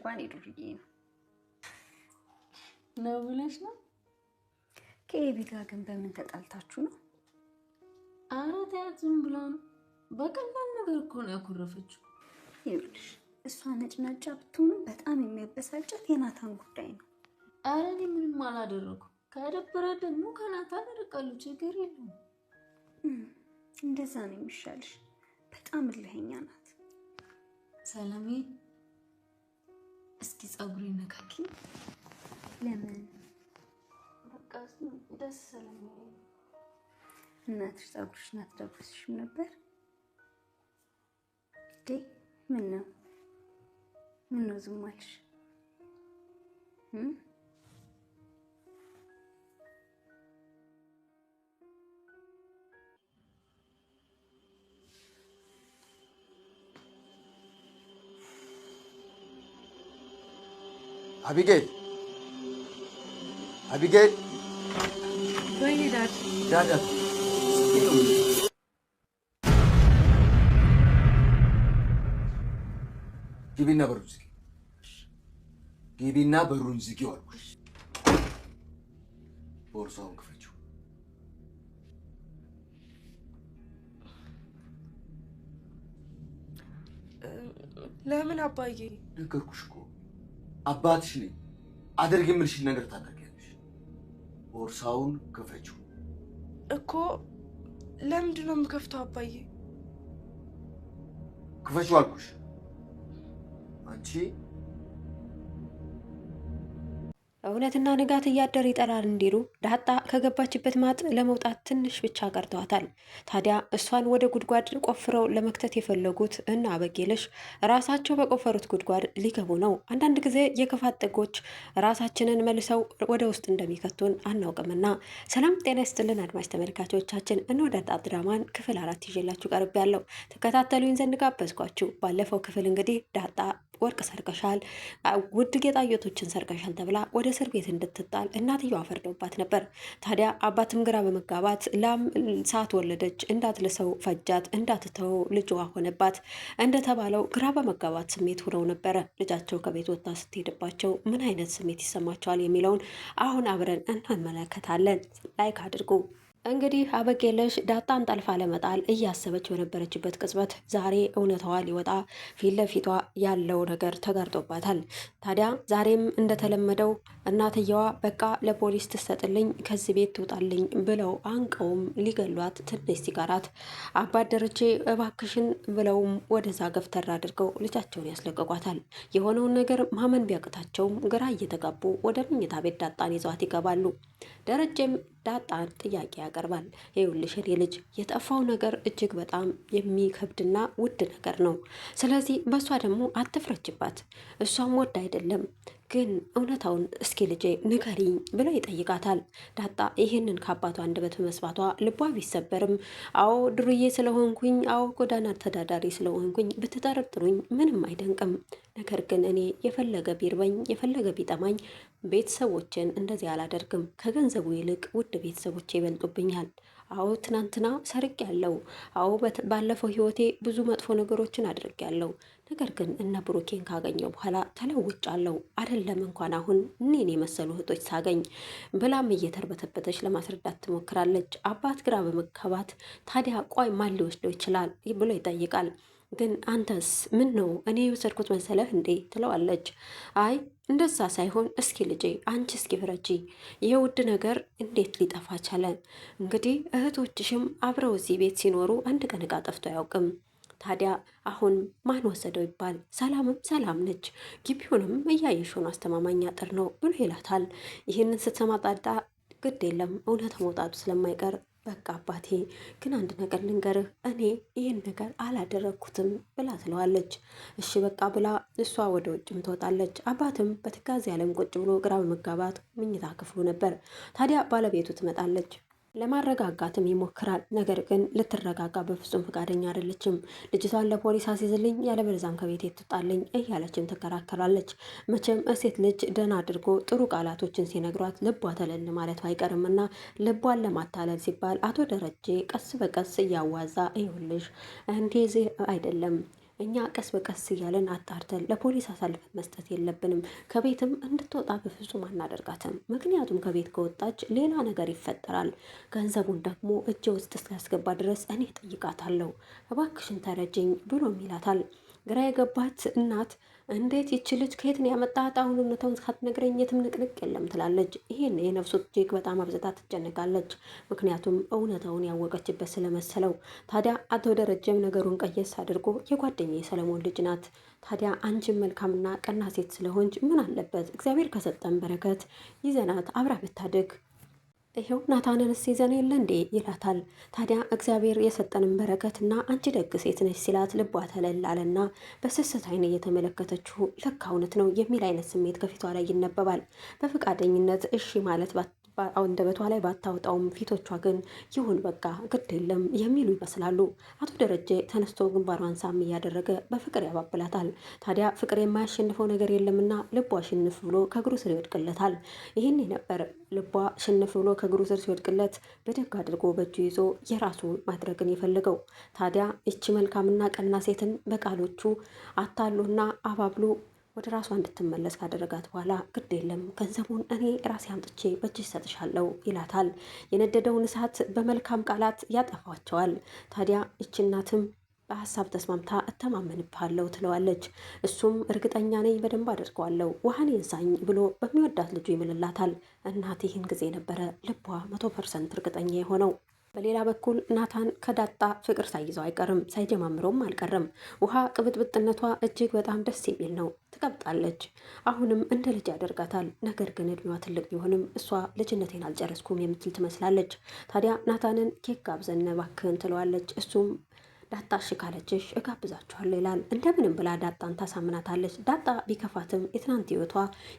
እንኳን የዱርዬ ነው ነው ብለሽ ነው። ከኤቢ ጋር ግን በምን ተጣልታችሁ ነው? አረ ተያት፣ ዝም ብላ ነው። በቀላል ነገር እኮ ነው ያኮረፈችው። ይኸውልሽ እሷ ነጭናጫ ብትሆንም በጣም የሚያበሳጫት የናታን ጉዳይ ነው። አረ እኔ ምንም አላደረኩም። ከደበረ ደግሞ ከናታን እርቃለሁ። ችግር የለውም። እንደዛ ነው የሚሻልሽ። በጣም እልኸኛ ናት ሰላሜ እስኪ ፀጉር ይነካኪ። ለምን በቃ ደስ ስለሚለኝ። እናትሽ ፀጉርሽን አትደብስሽም ነበር እንዴ? ምን ነው ምን ነው ዝም አልሽ? Abigail. Abigail. Buyurun Vedat. Vedat. Gibinna Barunziki. Gibinna Barunziki olmuş. Borsağın kıfacı. ለምን አባዬ? ነገርኩሽ እኮ አባትሽ ነኝ። አድርግ የምልሽን ነገር ታደርጊያለሽ። ቦርሳውን ክፈችው። እኮ ለምንድን ነው የምከፍተው አባዬ? ክፈችው አልኩሽ አንቺ እውነትና ንጋት እያደር ይጠራል እንዲሉ ዳጣ ከገባችበት ማጥ ለመውጣት ትንሽ ብቻ ቀርተዋታል። ታዲያ እሷን ወደ ጉድጓድ ቆፍረው ለመክተት የፈለጉት እና አበጌለሽ ራሳቸው በቆፈሩት ጉድጓድ ሊገቡ ነው። አንዳንድ ጊዜ የክፋት ጥጎች ራሳችንን መልሰው ወደ ውስጥ እንደሚከቱን አናውቅምና። ሰላም ጤና ይስጥልን አድማጭ ተመልካቾቻችን፣ እነ ዳጣ ድራማን ክፍል አራት ይዤላችሁ ቀርቤያለሁ። ተከታተሉኝ ዘንድ ጋበዝኳችሁ። ባለፈው ክፍል እንግዲህ ዳጣ ወርቅ ሰርቀሻል፣ ውድ ጌጣጌጦችን ሰርቀሻል ተብላ ወደ እስር ቤት እንድትጣል እናትየዋ ፈርደውባት ነበር። ታዲያ አባትም ግራ በመጋባት ላም ሰዓት ወለደች እንዳትልሰው ፈጃት፣ እንዳትተው ልጅዋ ሆነባት እንደተባለው ግራ በመጋባት ስሜት ሆነው ነበረ። ልጃቸው ከቤት ወጥታ ስትሄድባቸው ምን አይነት ስሜት ይሰማቸዋል የሚለውን አሁን አብረን እንመለከታለን። ላይክ አድርጉ። እንግዲህ አበጌለሽ ዳጣን ጠልፋ ለመጣል እያሰበች በነበረችበት ቅጽበት ዛሬ እውነታዋ ሊወጣ ፊት ለፊቷ ያለው ነገር ተጋርጦባታል። ታዲያ ዛሬም እንደተለመደው እናትየዋ በቃ ለፖሊስ ትሰጥልኝ፣ ከዚህ ቤት ትውጣልኝ ብለው አንቀውም ሊገሏት ትንሽ ሲቀራት አባደረቼ እባክሽን ብለውም ወደዛ ገፍተር አድርገው ልጃቸውን ያስለቅቋታል። የሆነውን ነገር ማመን ቢያቅታቸውም ግራ እየተጋቡ ወደ መኝታ ቤት ዳጣን ይዘዋት ይገባሉ። ደረጀም ዳጣን ጥያቄ ያቀርባል። ይኸውልሽ የኔ ልጅ የጠፋው ነገር እጅግ በጣም የሚከብድና ውድ ነገር ነው። ስለዚህ በእሷ ደግሞ አትፍረችባት እሷም ወድ አይደለም ግን እውነታውን እስኪ ልጄ ንገሪኝ ብሎ ይጠይቃታል። ዳጣ ይህንን ከአባቷ አንደበት መስማቷ ልቧ ቢሰበርም አዎ ድሩዬ ስለሆንኩኝ፣ አዎ ጎዳና ተዳዳሪ ስለሆንኩኝ ብትጠረጥሩኝ ምንም አይደንቅም። ነገር ግን እኔ የፈለገ ቢርበኝ የፈለገ ቢጠማኝ ቤተሰቦችን እንደዚህ አላደርግም። ከገንዘቡ ይልቅ ውድ ቤተሰቦች ይበልጡብኛል። አዎ ትናንትና ሰርቅ ያለው አዎ ባለፈው ህይወቴ ብዙ መጥፎ ነገሮችን አድርግ ያለው ነገር ግን እነ ብሩኬን ካገኘው በኋላ አለው። አይደለም እንኳን አሁን እኔን የመሰሉ እህቶች ሳገኝ ብላም እየተርበተበተች ለማስረዳት ትሞክራለች። አባት ግራ በመጋባት ታዲያ ቆይ ማን ሊወስደው ይችላል ብሎ ይጠይቃል። ግን አንተስ ምን ነው እኔ የወሰድኩት መሰለህ እንዴ ትለዋለች። አይ እንደዛ ሳይሆን እስኪ ልጄ አንቺ እስኪ ፍረጂ፣ ይህ ውድ ነገር እንዴት ሊጠፋ ቻለ? እንግዲህ እህቶችሽም አብረው እዚህ ቤት ሲኖሩ አንድ ቀን ዕቃ ጠፍቶ አያውቅም። ታዲያ አሁን ማን ወሰደው ይባል? ሰላምም ሰላም ነች፣ ግቢውንም እያየሽውን አስተማማኝ አጥር ነው ብሎ ይላታል። ይህንን ስትሰማ ጣጣ ግድ የለም እውነት መውጣቱ ስለማይቀር በቃ አባቴ ግን አንድ ነገር ልንገርህ፣ እኔ ይህን ነገር አላደረግኩትም ብላ ትለዋለች። እሺ በቃ ብላ እሷ ወደ ውጭም ትወጣለች። አባትም በትካዜ ዓለም ቁጭ ብሎ ግራ በመጋባት ምኝታ ክፍሉ ነበር። ታዲያ ባለቤቱ ትመጣለች። ለማረጋጋትም ይሞክራል። ነገር ግን ልትረጋጋ በፍጹም ፈቃደኛ አይደለችም። ልጅቷን ለፖሊስ አስይዝልኝ ያለበለዚያም ከቤት ትጣለኝ እያለችም ትከራከራለች። መቼም እሴት ልጅ ደህና አድርጎ ጥሩ ቃላቶችን ሲነግሯት ልቧ ተለል ማለቱ አይቀርምና ልቧን ለማታለል ሲባል አቶ ደረጀ ቀስ በቀስ እያዋዛ ይኸውልሽ እንደዚህ አይደለም እኛ ቀስ በቀስ እያለን አጣርተን ለፖሊስ አሳልፈን መስጠት የለብንም። ከቤትም እንድትወጣ በፍጹም አናደርጋትም። ምክንያቱም ከቤት ከወጣች ሌላ ነገር ይፈጠራል። ገንዘቡን ደግሞ እጄ ውስጥ እስኪያስገባ ድረስ እኔ ጠይቃታለሁ። እባክሽን ተረጅኝ ብሎም ይላታል። ግራ የገባት እናት እንዴት ይች ልጅ ከየትን ያመጣት አሁን እውነታውን ሳትነግረኝ የትም ንቅንቅ የለም ትላለች። ይህን የነፍሱ እጅግ በጣም አብዝታ ትጨነቃለች። ምክንያቱም እውነታውን ያወቀችበት ስለመሰለው። ታዲያ አቶ ደረጀም ነገሩን ቀየስ አድርጎ የጓደኛ የሰለሞን ልጅ ናት። ታዲያ አንቺም መልካምና ቀና ሴት ስለሆንች ምን አለበት እግዚአብሔር ከሰጠን በረከት ይዘናት አብራ ብታድግ ይሄው ናታንን ሲዘን የለ እንዴ ይላታል። ታዲያ እግዚአብሔር የሰጠንን በረከትና አንቺ ደግ ሴት ነች ሲላት ልቧ ተለላለና በስስት አይን እየተመለከተችው ለካ እውነት ነው የሚል አይነት ስሜት ከፊቷ ላይ ይነበባል። በፈቃደኝነት እሺ ማለት አንደበቷ ላይ ባታወጣውም ፊቶቿ ግን ይሁን በቃ ግድ የለም የሚሉ ይመስላሉ። አቶ ደረጀ ተነስቶ ግንባሯን ሳም እያደረገ በፍቅር ያባብላታል። ታዲያ ፍቅር የማያሸንፈው ነገር የለምና ልቧ ሽንፍ ብሎ ከእግሩ ስር ይወድቅለታል። ይህን ነበር ልቧ ሽንፍ ብሎ ከእግሩ ስር ሲወድቅለት በደግ አድርጎ በእጁ ይዞ የራሱ ማድረግን የፈለገው። ታዲያ እቺ መልካምና ቀና ሴትን በቃሎቹ አታሎና አባብሎ ወደ ራሷ እንድትመለስ ካደረጋት በኋላ ግድ የለም ገንዘቡን እኔ ራሴ አምጥቼ በእጅ ይሰጥሻለው ይላታል። የነደደውን እሳት በመልካም ቃላት ያጠፋቸዋል። ታዲያ ይች እናትም በሀሳብ ተስማምታ እተማመንብሃለሁ ትለዋለች። እሱም እርግጠኛ ነኝ በደንብ አድርገዋለሁ። ውሃን ይንሳኝ ብሎ በሚወዳት ልጁ ይምልላታል። እናት ይህን ጊዜ ነበረ ልቧ መቶ ፐርሰንት እርግጠኛ የሆነው። በሌላ በኩል ናታን ከዳጣ ፍቅር ሳይዘው አይቀርም፣ ሳይጀማምረውም አልቀረም። ውሃ ቅብጥብጥነቷ እጅግ በጣም ደስ የሚል ነው። ትቀብጣለች፣ አሁንም እንደ ልጅ ያደርጋታል። ነገር ግን እድሜዋ ትልቅ ቢሆንም እሷ ልጅነቴን አልጨረስኩም የምትል ትመስላለች። ታዲያ ናታንን ኬክ ጋብዘን እባክህን ትለዋለች። እሱም ዳጣ እሺ ካለችሽ እጋብዛችኋለሁ ይላል። እንደምንም ብላ ዳጣን ታሳምናታለች። ዳጣ ቢከፋትም የትናንት ህይወቷ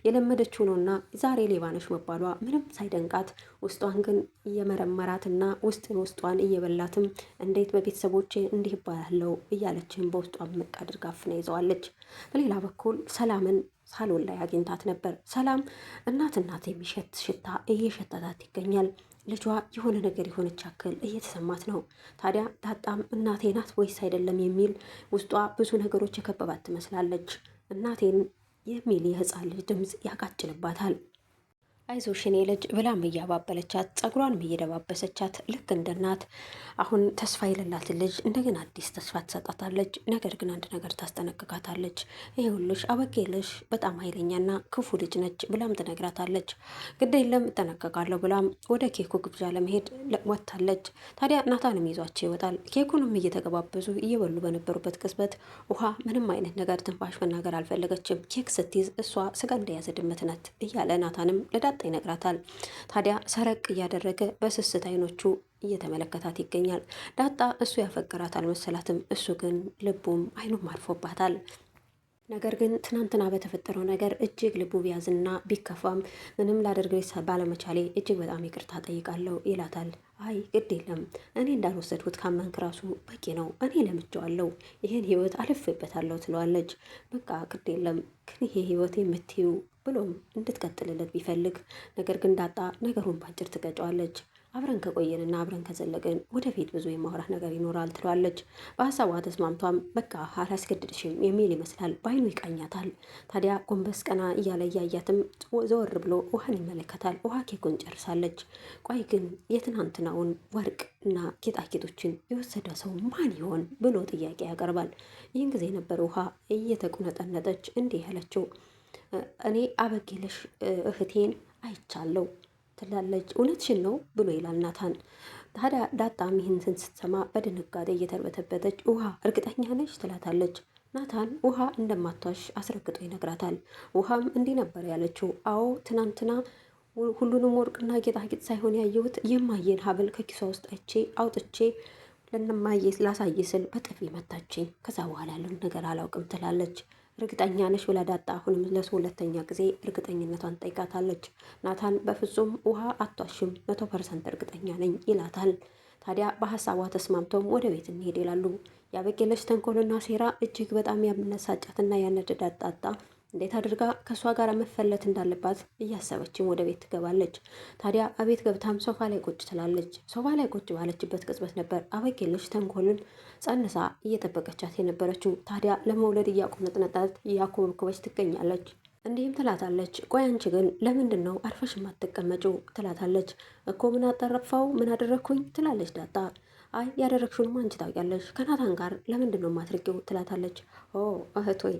የለመደችው ነውና ዛሬ ሌባነሽ መባሏ ምንም ሳይደንቃት ውስጧን ግን እየመረመራትና ውስጥን ውስጧን እየበላትም እንዴት በቤተሰቦቼ እንዲህ ይባላለው እያለችን በውስጧ ምቅ አድርጋ አፍና ይዘዋለች። በሌላ በኩል ሰላምን ሳሎን ላይ አግኝታት ነበር። ሰላም እናት እናት የሚሸት ሽታ እየሸተታት ይገኛል። ልጇ የሆነ ነገር የሆነች ያክል እየተሰማት ነው። ታዲያ ዳጣም እናቴ ናት ወይስ አይደለም የሚል ውስጧ ብዙ ነገሮች የከበባት ትመስላለች። እናቴን የሚል የህፃን ልጅ ድምፅ ያቃጭልባታል። አይዞሽ ልጅ ብላም እያባበለቻት ጸጉሯንም እየደባበሰቻት ልክ እንደ እናት አሁን ተስፋ የሌላትን ልጅ እንደገና አዲስ ተስፋ ትሰጣታለች። ነገር ግን አንድ ነገር ታስጠነቅቃታለች። ይኸውልሽ አበጌልሽ በጣም ኃይለኛና ክፉ ልጅ ነች ብላም ትነግራታለች። ግድ የለም እጠነቀቃለሁ ብላም ወደ ኬኩ ግብዣ ለመሄድ ወጥታለች። ታዲያ ናታንም ይዟቸው ይወጣል። ኬኩንም እየተገባበዙ እየበሉ በነበሩበት ቅጽበት ውሃ ምንም አይነት ነገር ትንፋሽ መናገር አልፈለገችም። ኬክ ስትይዝ እሷ ስጋ እንደያዘ ድመት ናት እያለ ናታንም ለዳጣ እንደሚያመልጥ ይነግራታል። ታዲያ ሰረቅ እያደረገ በስስት አይኖቹ እየተመለከታት ይገኛል። ዳጣ እሱ ያፈቅራት አልመሰላትም። እሱ ግን ልቡም አይኑም አርፎባታል። ነገር ግን ትናንትና በተፈጠረው ነገር እጅግ ልቡ ቢያዝና ቢከፋም ምንም ላደርግ ባለመቻሌ እጅግ በጣም ይቅርታ ጠይቃለሁ ይላታል። አይ ግድ የለም እኔ እንዳልወሰድኩት ካመንክ ራሱ በቂ ነው። እኔ ለምጄዋለሁ፣ ይህን ህይወት አልፌበታለሁ ትለዋለች። በቃ ግድ የለም ግን ይሄ ህይወት የምትዩ ብሎም እንድትቀጥልለት ቢፈልግ ነገር ግን ዳጣ ነገሩን ባጭር ትቀጨዋለች። አብረን ከቆየንና አብረን ከዘለቅን ወደፊት ብዙ የማውራት ነገር ይኖራል ትሏለች። በሀሳቧ ተስማምቷም በቃ አላስገድድሽም የሚል ይመስላል። በአይኑ ይቃኛታል። ታዲያ ጎንበስ ቀና እያለ እያያትም ዘወር ብሎ ውሃን ይመለከታል። ውሃ ኬኩን ጨርሳለች። ቆይ ግን የትናንትናውን ወርቅ እና ጌጣጌጦችን የወሰደ ሰው ማን ይሆን ብሎ ጥያቄ ያቀርባል። ይህን ጊዜ ነበር ውሃ እየተቁነጠነጠች እንዲህ ያለችው እኔ አበጌለሽ እህቴን አይቻለሁ ትላለች። እውነትሽን ነው ብሎ ይላል ናታን። ታዲያ ዳጣም ይህንን ስትሰማ በድንጋጤ እየተርበተበተች ውሃ እርግጠኛ ነች ትላታለች። ናታን ውሃ እንደማቷሽ አስረግጦ ይነግራታል። ውሃም እንዲህ ነበር ያለችው፣ አዎ ትናንትና ሁሉንም ወርቅና ጌጣጌጥ ሳይሆን ያየሁት የማየን ሀብል ከኪሷ ውስጥ አይቼ አውጥቼ ለነማየ ላሳይ ስል በጥፊ መታችኝ። ከዛ በኋላ ያለውን ነገር አላውቅም ትላለች። እርግጠኛ ነሽ ብላ ዳጣ አሁንም ሁለተኛ ጊዜ እርግጠኝነቷን ጠይቃታለች። ናታን በፍጹም ውሃ አቷሽም፣ መቶ ፐርሰንት እርግጠኛ ነኝ ይላታል። ታዲያ በሀሳቧ ተስማምተውም ወደ ቤት እንሄድ ይላሉ። ያበቄለች ተንኮልና ሴራ እጅግ በጣም ያመነሳጫትና ያነደዳት ዳጣ እንዴት አድርጋ ከእሷ ጋር መፈለት እንዳለባት እያሰበችም ወደ ቤት ትገባለች። ታዲያ አቤት ገብታም ሶፋ ላይ ቁጭ ትላለች። ሶፋ ላይ ቁጭ ባለችበት ቅጽበት ነበር አበጌለች ተንኮልን ጸንሳ እየጠበቀቻት የነበረችው። ታዲያ ለመውለድ እያቁነጥነጣት እያኮበኮበች ትገኛለች። እንዲህም ትላታለች፣ ቆይ አንቺ ግን ለምንድን ነው አርፈሽ የማትቀመጪው? ትላታለች። እኮ ምን አጠረፋው ምን አደረግኩኝ? ትላለች ዳጣ አይ ያደረግሽውንም አንቺ ታውቂያለሽ። ከናታን ጋር ለምንድን ነው የማትርቂው? ትላታለች። ኦ እህቶይ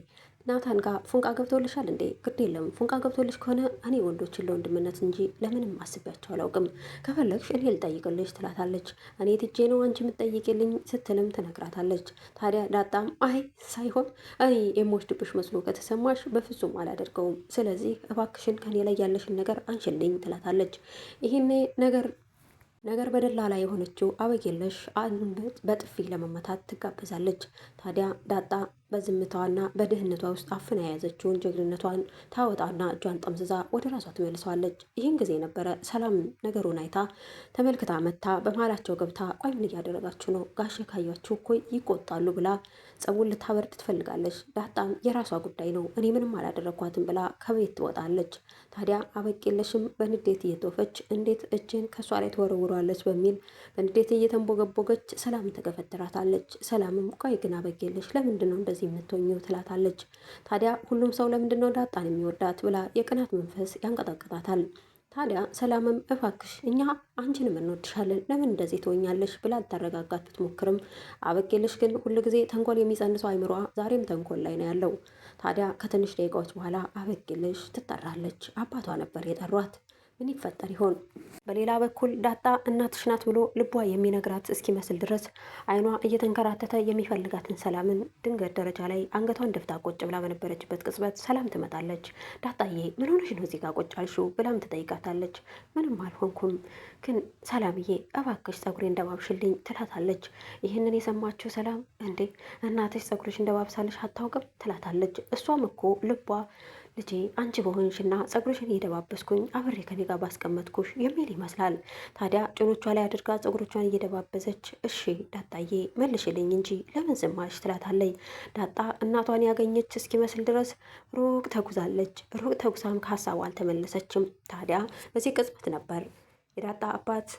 ናታን ጋር ፉንቃ ገብቶልሻል እንዴ? ግድ የለም ፉንቃ ገብቶልሽ ከሆነ እኔ ወንዶችን ለወንድምነት እንጂ ለምንም አስቢያቸው አላውቅም። ከፈለግሽ እኔ ልጠይቅልሽ ትላታለች። እኔ ትጄ ነው አንቺ የምትጠይቅልኝ ስትልም ትነግራታለች። ታዲያ ዳጣም አይ ሳይሆን እኔ የምወስድብሽ መስሎ ከተሰማሽ በፍጹም አላደርገውም። ስለዚህ እባክሽን ከኔ ላይ ያለሽን ነገር አንሽልኝ ትላታለች። ይህኔ ነገር ነገር በደላላ የሆነችው አበጌለሽ በጥፊ ለመመታት ትጋበዛለች። ታዲያ ዳጣ በዝምታዋና በድህነቷ ውስጥ አፍና የያዘችውን ጀግንነቷን ታወጣና እጇን ጠምዝዛ ወደ ራሷ ትመልሰዋለች። ይህን ጊዜ ነበረ ሰላም ነገሩን አይታ ተመልክታ መታ በመሀላቸው ገብታ ቆይ ምን እያደረጋችሁ ነው? ጋሼ ካያችሁ እኮ ይቆጣሉ ብላ ጸቡን ልታበርድ ትፈልጋለች። ዳጣም የራሷ ጉዳይ ነው እኔ ምንም አላደረግኳትም ብላ ከቤት ትወጣለች። ታዲያ አበቂለሽም በንዴት እየተወፈች እንዴት እጅን ከእሷ ላይ ትወረውሯለች በሚል በንዴት እየተንቦገቦገች ሰላም ተገፈትራታለች። ሰላምም ቆይ ግን አበቂለሽ ለምንድን ነው እንደዚህ እንደዚህ የምትሆኝው ትላታለች። ታዲያ ሁሉም ሰው ለምንድን ነው ዳጣን የሚወዳት ብላ የቅናት መንፈስ ያንቀጠቅጣታል። ታዲያ ሰላምም እባክሽ እኛ አንቺንም እንወድሻለን ለምን እንደዚህ ትሆኛለሽ ብላ ልታረጋጋት ብትሞክርም አበጌልሽ ግን ሁልጊዜ ተንኮል የሚጸንሰው አይምሯ ዛሬም ተንኮል ላይ ነው ያለው። ታዲያ ከትንሽ ደቂቃዎች በኋላ አበጌልሽ ትጠራለች። አባቷ ነበር የጠሯት። ምን ይፈጠር ይሆን? በሌላ በኩል ዳጣ እናትሽ ናት ብሎ ልቧ የሚነግራት እስኪመስል ድረስ አይኗ እየተንከራተተ የሚፈልጋትን ሰላምን ድንገት ደረጃ ላይ አንገቷን ደፍታ ቁጭ ብላ በነበረችበት ቅጽበት ሰላም ትመጣለች። ዳጣዬ ምን ሆነሽ ነው እዚህ ጋር ቁጭ አልሽው? ብላም ትጠይቃታለች። ምንም አልሆንኩም፣ ግን ሰላምዬ እባክሽ ጸጉሬ እንደባብሽልኝ ትላታለች። ይህንን የሰማችው ሰላም እንዴ እናትሽ ጸጉርሽ እንደባብሳለሽ አታውቅም? ትላታለች። እሷም እኮ ልቧ እጄ አንቺ በሆንሽና ጸጉርሽን እየደባበስኩኝ አብሬ ከኔ ጋር ባስቀመጥኩሽ የሚል ይመስላል። ታዲያ ጭኖቿ ላይ አድርጋ ጸጉሮቿን እየደባበሰች እሺ ዳጣዬ መልሽልኝ እንጂ ለምን ዝማሽ ትላታለይ። ዳጣ እናቷን ያገኘች እስኪመስል ድረስ ሩቅ ተጉዛለች። ሩቅ ተጉዛም ከሀሳቡ አልተመለሰችም። ታዲያ በዚህ ቅጽበት ነበር የዳጣ አባት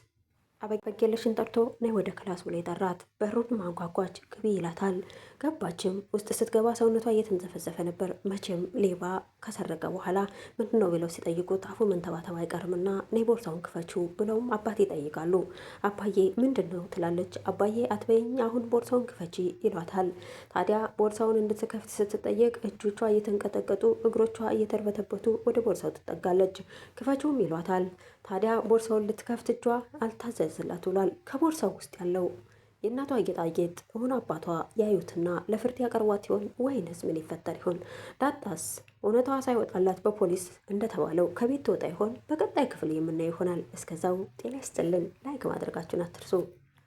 አበጌለሽን ጠርቶ ነይ ወደ ክላስ ብሎ የጠራት። በሩን ማንኳኳች። ግቢ ይላታል። ገባችም። ውስጥ ስትገባ ሰውነቷ እየተንዘፈዘፈ ነበር። መቼም ሌባ ከሰረቀ በኋላ ምንድን ነው ብለው ሲጠይቁት አፉ መንተባተብ አይቀርምና ነይ ቦርሳውን ክፈቹ ብለውም አባቴ ይጠይቃሉ። አባዬ ምንድን ነው ትላለች። አባዬ አትበይኝ፣ አሁን ቦርሳውን ክፈቺ ይሏታል። ታዲያ ቦርሳውን እንድትከፍት ስትጠየቅ እጆቿ እየተንቀጠቀጡ እግሮቿ እየተርበተበቱ ወደ ቦርሳው ትጠጋለች። ክፈችውም ይሏታል። ታዲያ ቦርሳውን ልትከፍት እጇ አልታዘዝላት ውሏል። ከቦርሳው ውስጥ ያለው የእናቷ ጌጣጌጥ እሁን አባቷ ያዩትና ለፍርድ ያቀርቧት ይሆን ወይንስ ምን ይፈጠር ይሆን? ዳጣስ እውነታዋ ሳይወጣላት በፖሊስ እንደተባለው ከቤት ትወጣ ይሆን? በቀጣይ ክፍል የምናየው ይሆናል። እስከዛው ጤና ይስጥልን። ላይክ ማድረጋችሁን አትርሱ።